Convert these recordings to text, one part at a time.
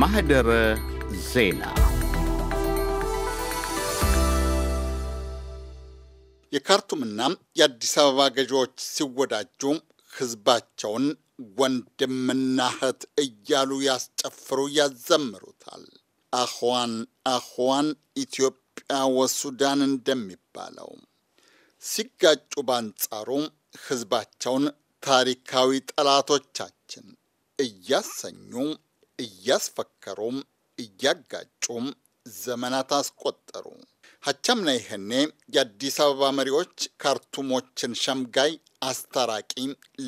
ማህደረ ዜና የካርቱምና የአዲስ አበባ ገዢዎች ሲወዳጁ ህዝባቸውን ወንድምና እህት እያሉ ያስጨፍሩ ያዘምሩታል። አህዋን አህዋን ኢትዮጵያ ወሱዳን እንደሚባለው ሲጋጩ፣ በአንጻሩ ህዝባቸውን ታሪካዊ ጠላቶቻችን እያሰኙ እያስፈከሩም እያጋጩም ዘመናት አስቆጠሩ። ሀቻምና ይህኔ የአዲስ አበባ መሪዎች ካርቱሞችን ሸምጋይ አስታራቂ፣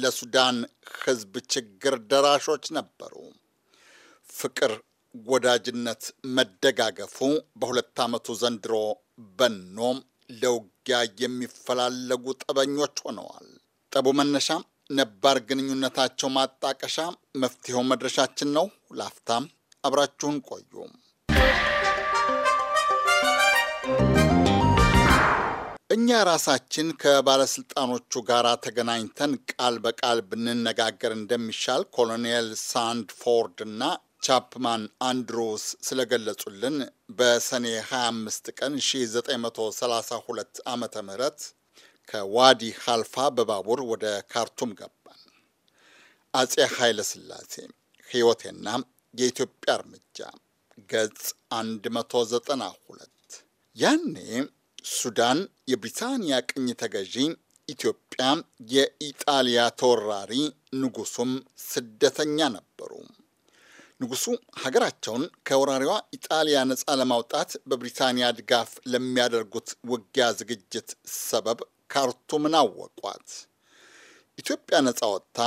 ለሱዳን ህዝብ ችግር ደራሾች ነበሩ። ፍቅር፣ ወዳጅነት፣ መደጋገፉ በሁለት ዓመቱ ዘንድሮ በኖ ለውጊያ የሚፈላለጉ ጠበኞች ሆነዋል። ጠቡ መነሻ ነባር ግንኙነታቸው ማጣቀሻ መፍትሄው መድረሻችን ነው። ላፍታም አብራችሁን ቆዩ። እኛ ራሳችን ከባለስልጣኖቹ ጋር ተገናኝተን ቃል በቃል ብንነጋገር እንደሚሻል ኮሎኔል ሳንድፎርድ እና ቻፕማን አንድሮስ ስለገለጹልን በሰኔ 25 ቀን 1932 ዓ ም ከዋዲ ሀልፋ በባቡር ወደ ካርቱም ገባን። አጼ ኃይለ ስላሴ ሕይወቴና የኢትዮጵያ እርምጃ ገጽ 192። ያኔ ሱዳን የብሪታንያ ቅኝ ተገዢ፣ ኢትዮጵያ የኢጣሊያ ተወራሪ፣ ንጉሱም ስደተኛ ነበሩ። ንጉሱ ሀገራቸውን ከወራሪዋ ኢጣሊያ ነፃ ለማውጣት በብሪታንያ ድጋፍ ለሚያደርጉት ውጊያ ዝግጅት ሰበብ ካርቱምን አወቋት። ኢትዮጵያ ነጻ ወጥታ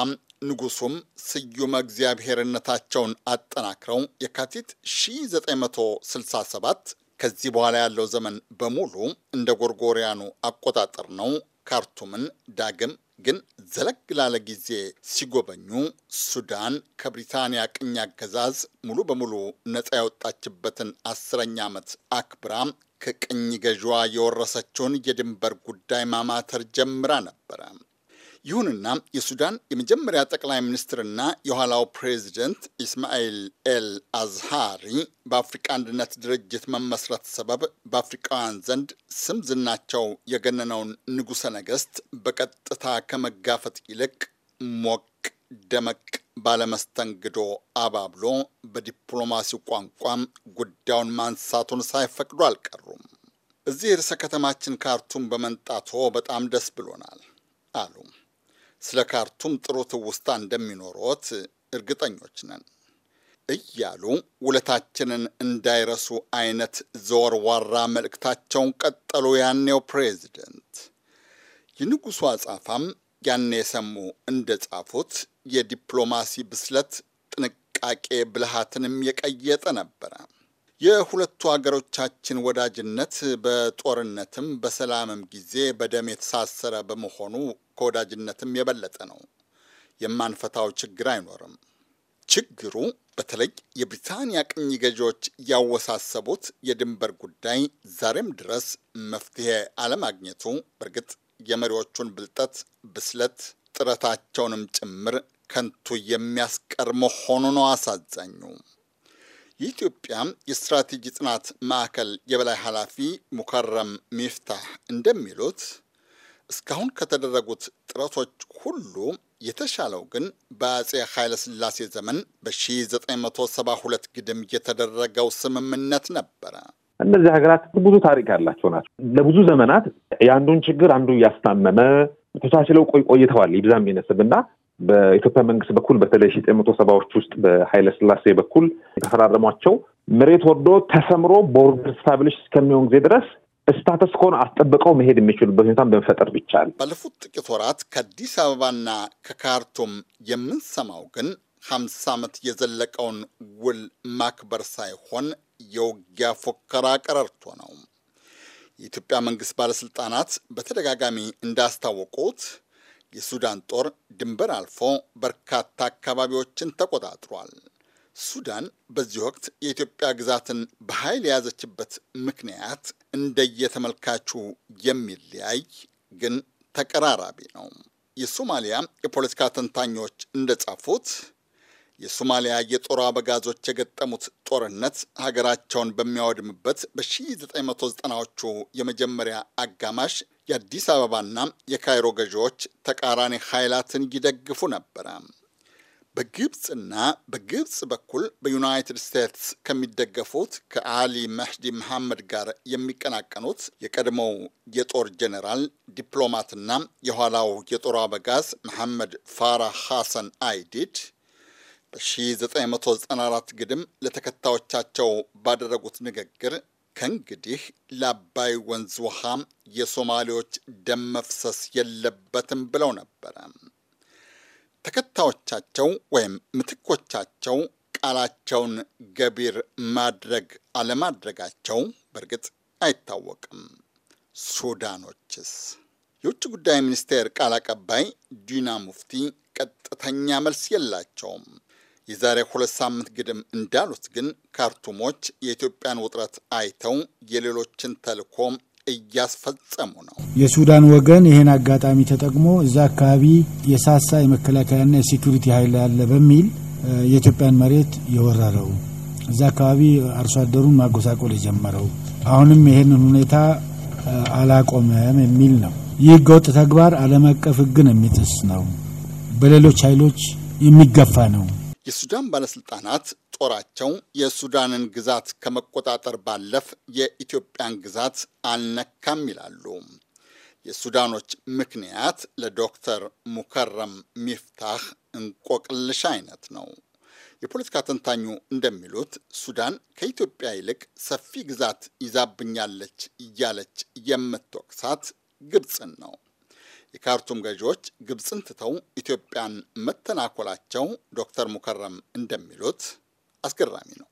ንጉሱም ስዩመ እግዚአብሔርነታቸውን አጠናክረው የካቲት 1967 ከዚህ በኋላ ያለው ዘመን በሙሉ እንደ ጎርጎሪያኑ አቆጣጠር ነው። ካርቱምን ዳግም ግን ዘለግ ላለ ጊዜ ሲጎበኙ ሱዳን ከብሪታንያ ቅኝ አገዛዝ ሙሉ በሙሉ ነፃ ያወጣችበትን አስረኛ ዓመት አክብራ ከቅኝ ገዥዋ የወረሰችውን የድንበር ጉዳይ ማማተር ጀምራ ነበረ። ይሁንና የሱዳን የመጀመሪያ ጠቅላይ ሚኒስትርና የኋላው ፕሬዚደንት ኢስማኤል ኤል አዝሃሪ በአፍሪቃ አንድነት ድርጅት መመስረት ሰበብ በአፍሪቃውያን ዘንድ ስም ዝናቸው የገነነውን ንጉሠ ነገሥት በቀጥታ ከመጋፈጥ ይልቅ ሞቅ ደመቅ ባለመስተንግዶ አባብሎ በዲፕሎማሲ ቋንቋም ጉዳዩን ማንሳቱን ሳይፈቅዱ አልቀሩም። እዚህ ርዕሰ ከተማችን ካርቱም በመንጣቶ በጣም ደስ ብሎናል አሉ። ስለ ካርቱም ጥሩ ትውስታ እንደሚኖሮት እርግጠኞች ነን እያሉ ውለታችንን እንዳይረሱ አይነት ዘወርዋራ መልእክታቸውን ቀጠሉ። ያኔው ፕሬዚደንት የንጉሡ አጻፋም ያኔ የሰሙ ጻፉት የዲፕሎማሲ ብስለት ጥንቃቄ ብልሃትንም የቀየጠ ነበረ። የሁለቱ አገሮቻችን ወዳጅነት በጦርነትም በሰላምም ጊዜ በደም የተሳሰረ በመሆኑ ከወዳጅነትም የበለጠ ነው። የማንፈታው ችግር አይኖርም። ችግሩ በተለይ የብሪታንያ ቅኝ ገዢዎች ያወሳሰቡት የድንበር ጉዳይ ዛሬም ድረስ መፍትሄ አለማግኘቱ በእርግጥ የመሪዎቹን ብልጠት፣ ብስለት ጥረታቸውንም ጭምር ከንቱ የሚያስቀር መሆኑ ነው አሳዛኙ። የኢትዮጵያ የስትራቴጂ ጥናት ማዕከል የበላይ ኃላፊ ሙከረም ሚፍታህ እንደሚሉት እስካሁን ከተደረጉት ጥረቶች ሁሉ የተሻለው ግን በአጼ ኃይለሥላሴ ዘመን በ1972 ግድም የተደረገው ስምምነት ነበረ። እነዚህ ሀገራት ብዙ ታሪክ ያላቸው ናቸው። ለብዙ ዘመናት የአንዱን ችግር አንዱ እያስታመመ ተቻችለው ቆይተዋል። ይብዛም ይነስብ እና በኢትዮጵያ መንግስት በኩል በተለይ ሺ ዘጠኝ መቶ ሰባዎች ውስጥ በሀይለ ስላሴ በኩል የተፈራረሟቸው መሬት ወርዶ ተሰምሮ ቦርደር ስታብሊሽ እስከሚሆን ጊዜ ድረስ ስታተስ ከሆነ አስጠብቀው መሄድ የሚችሉበት ሁኔታን በመፈጠር ብቻል። ባለፉት ጥቂት ወራት ከአዲስ አበባና ከካርቱም የምንሰማው ግን ሀምሳ ዓመት የዘለቀውን ውል ማክበር ሳይሆን የውጊያ ፉከራ ቀረርቶ ነው። የኢትዮጵያ መንግስት ባለስልጣናት በተደጋጋሚ እንዳስታወቁት የሱዳን ጦር ድንበር አልፎ በርካታ አካባቢዎችን ተቆጣጥሯል። ሱዳን በዚህ ወቅት የኢትዮጵያ ግዛትን በኃይል የያዘችበት ምክንያት እንደየተመልካቹ የሚለያይ ግን ተቀራራቢ ነው። የሶማሊያ የፖለቲካ ተንታኞች እንደጻፉት የሶማሊያ የጦር አበጋዞች የገጠሙት ጦርነት ሀገራቸውን በሚያወድምበት በ1990ዎቹ የመጀመሪያ አጋማሽ የአዲስ አበባና የካይሮ ገዢዎች ተቃራኒ ኃይላትን ይደግፉ ነበረ። በግብፅና በግብፅ በኩል በዩናይትድ ስቴትስ ከሚደገፉት ከአሊ መህዲ መሐመድ ጋር የሚቀናቀኑት የቀድሞው የጦር ጀኔራል ዲፕሎማትና የኋላው የጦር አበጋዝ መሐመድ ፋራ ሐሰን አይዲድ በ1994 ግድም ለተከታዮቻቸው ባደረጉት ንግግር ከእንግዲህ ለአባይ ወንዝ ውሃ የሶማሌዎች ደም መፍሰስ የለበትም ብለው ነበረ። ተከታዮቻቸው ወይም ምትኮቻቸው ቃላቸውን ገቢር ማድረግ አለማድረጋቸው በእርግጥ አይታወቅም። ሱዳኖችስ? የውጭ ጉዳይ ሚኒስቴር ቃል አቀባይ ዲና ሙፍቲ ቀጥተኛ መልስ የላቸውም። የዛሬ ሁለት ሳምንት ግድም እንዳሉት ግን ካርቱሞች የኢትዮጵያን ውጥረት አይተው የሌሎችን ተልኮም እያስፈጸሙ ነው። የሱዳን ወገን ይህን አጋጣሚ ተጠቅሞ እዛ አካባቢ የሳሳ የመከላከያና የሴኩሪቲ ኃይል አለ በሚል የኢትዮጵያን መሬት የወረረው እዛ አካባቢ አርሶ አደሩን ማጎሳቆል የጀመረው አሁንም ይህንን ሁኔታ አላቆመም የሚል ነው። ይህ ህገወጥ ተግባር ዓለም አቀፍ ህግን የሚጥስ ነው። በሌሎች ኃይሎች የሚገፋ ነው። የሱዳን ባለስልጣናት ጦራቸው የሱዳንን ግዛት ከመቆጣጠር ባለፍ የኢትዮጵያን ግዛት አልነካም ይላሉ። የሱዳኖች ምክንያት ለዶክተር ሙከረም ሚፍታህ እንቆቅልሽ አይነት ነው። የፖለቲካ ተንታኙ እንደሚሉት ሱዳን ከኢትዮጵያ ይልቅ ሰፊ ግዛት ይዛብኛለች እያለች የምትወቅሳት ግብፅን ነው። የካርቱም ገዢዎች ግብፅን ትተው ኢትዮጵያን መተናኮላቸው ዶክተር ሙከረም እንደሚሉት አስገራሚ ነው።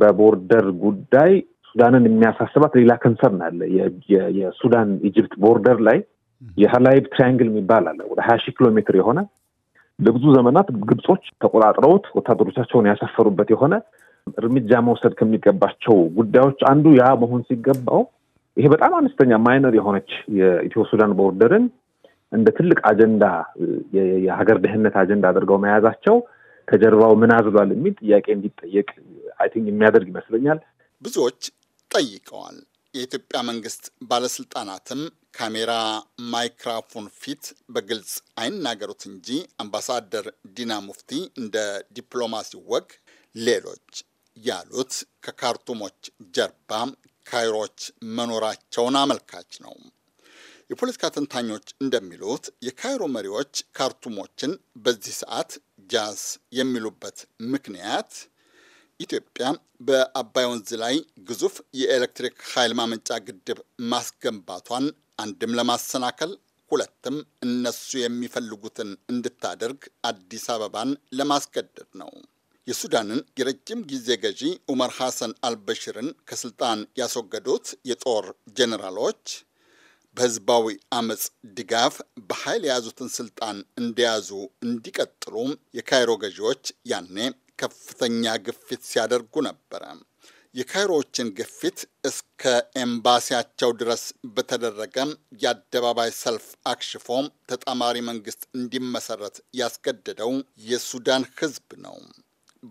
በቦርደር ጉዳይ ሱዳንን የሚያሳስባት ሌላ ከንሰርን አለ። የሱዳን ኢጅፕት ቦርደር ላይ የሀላይብ ትሪያንግል የሚባል አለ። ወደ ሀያ ሺህ ኪሎ ሜትር የሆነ ለብዙ ዘመናት ግብጾች ተቆጣጥረውት ወታደሮቻቸውን ያሰፈሩበት የሆነ እርምጃ መውሰድ ከሚገባቸው ጉዳዮች አንዱ ያ መሆን ሲገባው ይሄ በጣም አነስተኛ ማይነር የሆነች የኢትዮ ሱዳን ቦርደርን እንደ ትልቅ አጀንዳ የሀገር ደህንነት አጀንዳ አድርገው መያዛቸው ከጀርባው ምን አዝሏል የሚል ጥያቄ እንዲጠየቅ አይ ቲንክ የሚያደርግ ይመስለኛል። ብዙዎች ጠይቀዋል። የኢትዮጵያ መንግስት ባለስልጣናትም ካሜራ ማይክራፎን ፊት በግልጽ አይናገሩት እንጂ አምባሳደር ዲና ሙፍቲ እንደ ዲፕሎማሲ ወግ ሌሎች ያሉት ከካርቱሞች ጀርባ ካይሮች መኖራቸውን አመልካች ነው። የፖለቲካ ተንታኞች እንደሚሉት የካይሮ መሪዎች ካርቱሞችን በዚህ ሰዓት ጃዝ የሚሉበት ምክንያት ኢትዮጵያ በአባይ ወንዝ ላይ ግዙፍ የኤሌክትሪክ ኃይል ማመንጫ ግድብ ማስገንባቷን አንድም ለማሰናከል ሁለትም እነሱ የሚፈልጉትን እንድታደርግ አዲስ አበባን ለማስገደድ ነው። የሱዳንን የረጅም ጊዜ ገዢ ኡመር ሐሰን አልበሽርን ከስልጣን ያስወገዱት የጦር ጄኔራሎች በህዝባዊ አመፅ ድጋፍ በኃይል የያዙትን ስልጣን እንደያዙ እንዲቀጥሉ የካይሮ ገዢዎች ያኔ ከፍተኛ ግፊት ሲያደርጉ ነበረ። የካይሮዎችን ግፊት እስከ ኤምባሲያቸው ድረስ በተደረገ የአደባባይ ሰልፍ አክሽፎ ተጣማሪ መንግስት እንዲመሰረት ያስገደደው የሱዳን ህዝብ ነው።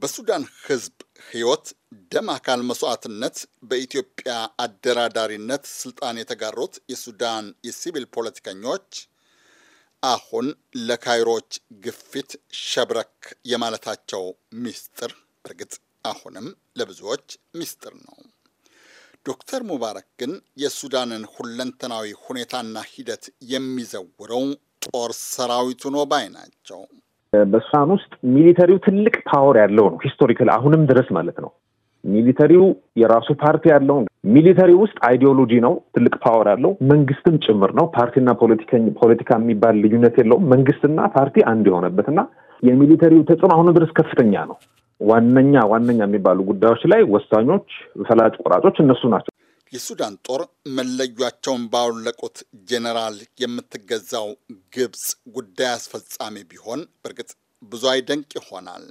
በሱዳን ህዝብ ህይወት ደም አካል መስዋዕትነት በኢትዮጵያ አደራዳሪነት ስልጣን የተጋሩት የሱዳን የሲቪል ፖለቲከኞች አሁን ለካይሮች ግፊት ሸብረክ የማለታቸው ሚስጥር እርግጥ አሁንም ለብዙዎች ሚስጥር ነው። ዶክተር ሙባረክ ግን የሱዳንን ሁለንተናዊ ሁኔታና ሂደት የሚዘውረው ጦር ሰራዊቱ ነው ባይ ናቸው። በሱዳን ውስጥ ሚሊተሪው ትልቅ ፓወር ያለው ነው። ሂስቶሪካል አሁንም ድረስ ማለት ነው። ሚሊተሪው የራሱ ፓርቲ ያለው ሚሊተሪ ውስጥ አይዲዮሎጂ ነው ትልቅ ፓወር ያለው መንግስትም ጭምር ነው። ፓርቲና ፖለቲካ የሚባል ልዩነት የለውም። መንግስትና ፓርቲ አንድ የሆነበት እና የሚሊተሪው ተጽዕኖ አሁንም ድረስ ከፍተኛ ነው። ዋነኛ ዋነኛ የሚባሉ ጉዳዮች ላይ ወሳኞች ፈላጭ ቆራጮች እነሱ ናቸው። የሱዳን ጦር መለያቸውን ባወለቁት ጄኔራል የምትገዛው ግብፅ ጉዳይ አስፈጻሚ ቢሆን በእርግጥ ብዙ አይደንቅ ይሆናል።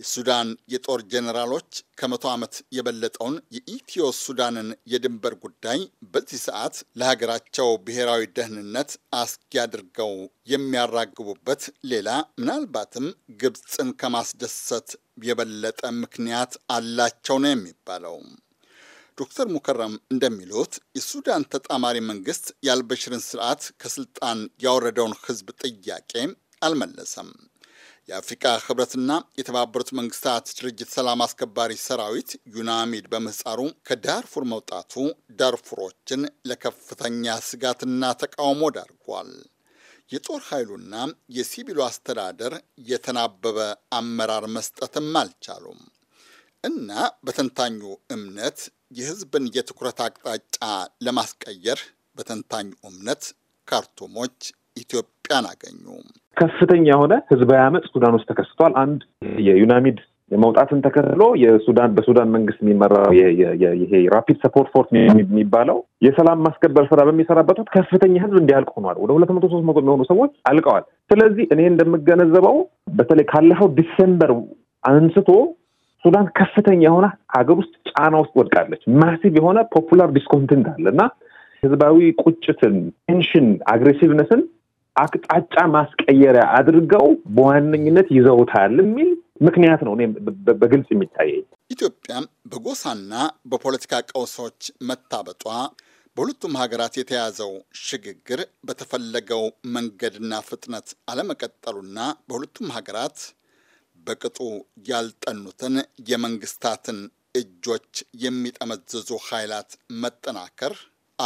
የሱዳን የጦር ጄኔራሎች ከመቶ ዓመት የበለጠውን የኢትዮ ሱዳንን የድንበር ጉዳይ በዚህ ሰዓት ለሀገራቸው ብሔራዊ ደህንነት አስጊ አድርገው የሚያራግቡበት ሌላ ምናልባትም ግብፅን ከማስደሰት የበለጠ ምክንያት አላቸው ነው የሚባለው። ዶክተር ሙከረም እንደሚሉት የሱዳን ተጣማሪ መንግስት የአልበሽርን ስርዓት ከስልጣን ያወረደውን ህዝብ ጥያቄ አልመለሰም። የአፍሪካ ህብረትና የተባበሩት መንግስታት ድርጅት ሰላም አስከባሪ ሰራዊት ዩናሚድ በምህፃሩ ከዳርፉር መውጣቱ ዳርፉሮችን ለከፍተኛ ስጋትና ተቃውሞ ዳርጓል። የጦር ኃይሉና የሲቪሉ አስተዳደር የተናበበ አመራር መስጠትም አልቻሉም እና በተንታኙ እምነት የህዝብን የትኩረት አቅጣጫ ለማስቀየር በተንታኙ እምነት ካርቱሞች ኢትዮጵያን አገኙ። ከፍተኛ የሆነ ህዝባዊ አመፅ ሱዳን ውስጥ ተከስቷል። አንድ የዩናሚድ መውጣትን ተከትሎ የሱዳን በሱዳን መንግስት የሚመራው ይሄ ራፒድ ሰፖርት ፎርስ የሚባለው የሰላም ማስከበር ስራ በሚሰራበት ወቅት ከፍተኛ ህዝብ እንዲያልቅ ሆኗል። ወደ ሁለት መቶ ሶስት መቶ የሚሆኑ ሰዎች አልቀዋል። ስለዚህ እኔ እንደምገነዘበው በተለይ ካለፈው ዲሴምበር አንስቶ ሱዳን ከፍተኛ የሆነ ሀገር ውስጥ ጫና ውስጥ ወድቃለች። ማሲቭ የሆነ ፖፑላር ዲስኮንቴንት አለ እና ህዝባዊ ቁጭትን፣ ቴንሽን፣ አግሬሲቭነስን አቅጣጫ ማስቀየሪያ አድርገው በዋነኝነት ይዘውታል የሚል ምክንያት ነው። እኔም በግልጽ የሚታየኝ ኢትዮጵያ በጎሳና በፖለቲካ ቀውሶች መታበጧ በሁለቱም ሀገራት የተያዘው ሽግግር በተፈለገው መንገድና ፍጥነት አለመቀጠሉና በሁለቱም ሀገራት በቅጡ ያልጠኑትን የመንግስታትን እጆች የሚጠመዝዙ ኃይላት መጠናከር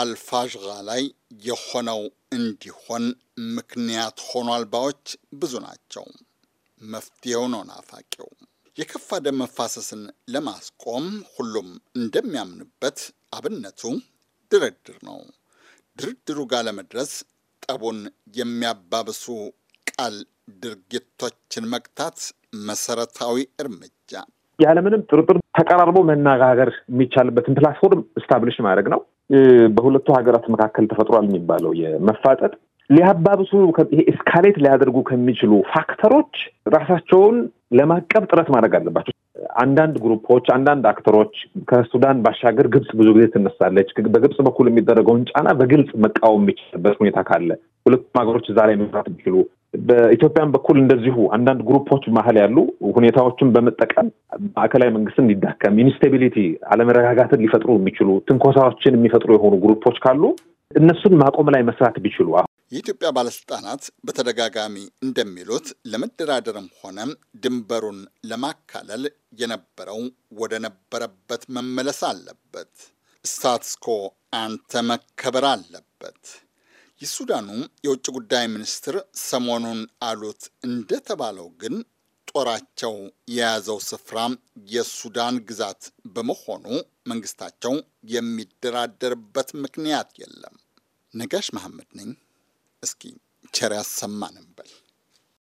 አልፋዥራ ላይ የሆነው እንዲሆን ምክንያት ሆኖ አልባዎች ብዙ ናቸው። መፍትሄው ነው ናፋቂው። የከፋ ደም መፋሰስን ለማስቆም ሁሉም እንደሚያምንበት አብነቱ ድርድር ነው። ድርድሩ ጋር ለመድረስ ጠቡን የሚያባብሱ ቃል ድርጊቶችን መቅታት መሰረታዊ እርምጃ ያለምንም ጥርጥር ተቀራርቦ መነጋገር የሚቻልበትን ፕላትፎርም እስታብሊሽ ማድረግ ነው። በሁለቱ ሀገራት መካከል ተፈጥሯል የሚባለው የመፋጠጥ ሊያባብሱ ኤስካሌት ሊያደርጉ ከሚችሉ ፋክተሮች ራሳቸውን ለማቀብ ጥረት ማድረግ አለባቸው። አንዳንድ ግሩፖች፣ አንዳንድ አክተሮች ከሱዳን ባሻገር ግብጽ ብዙ ጊዜ ትነሳለች። በግብጽ በኩል የሚደረገውን ጫና በግልጽ መቃወም የሚችልበት ሁኔታ ካለ ሁለቱም ሀገሮች እዛ ላይ መስራት የሚችሉ በኢትዮጵያን በኩል እንደዚሁ አንዳንድ ግሩፖች መሀል ያሉ ሁኔታዎችን በመጠቀም ማዕከላዊ መንግስትን እንዲዳከም ኢንስቴቢሊቲ፣ አለመረጋጋትን ሊፈጥሩ የሚችሉ ትንኮሳዎችን የሚፈጥሩ የሆኑ ግሩፖች ካሉ እነሱን ማቆም ላይ መስራት ቢችሉ የኢትዮጵያ ባለስልጣናት በተደጋጋሚ እንደሚሉት ለመደራደርም ሆነ ድንበሩን ለማካለል የነበረው ወደ ነበረበት መመለስ አለበት። ስታትስኮ አንተ መከበር አለበት። የሱዳኑ የውጭ ጉዳይ ሚኒስትር ሰሞኑን አሉት እንደተባለው ግን ጦራቸው የያዘው ስፍራ የሱዳን ግዛት በመሆኑ መንግስታቸው የሚደራደርበት ምክንያት የለም። ነጋሽ መሐመድ ነኝ። እስኪ ቸር ያሰማን እንበል።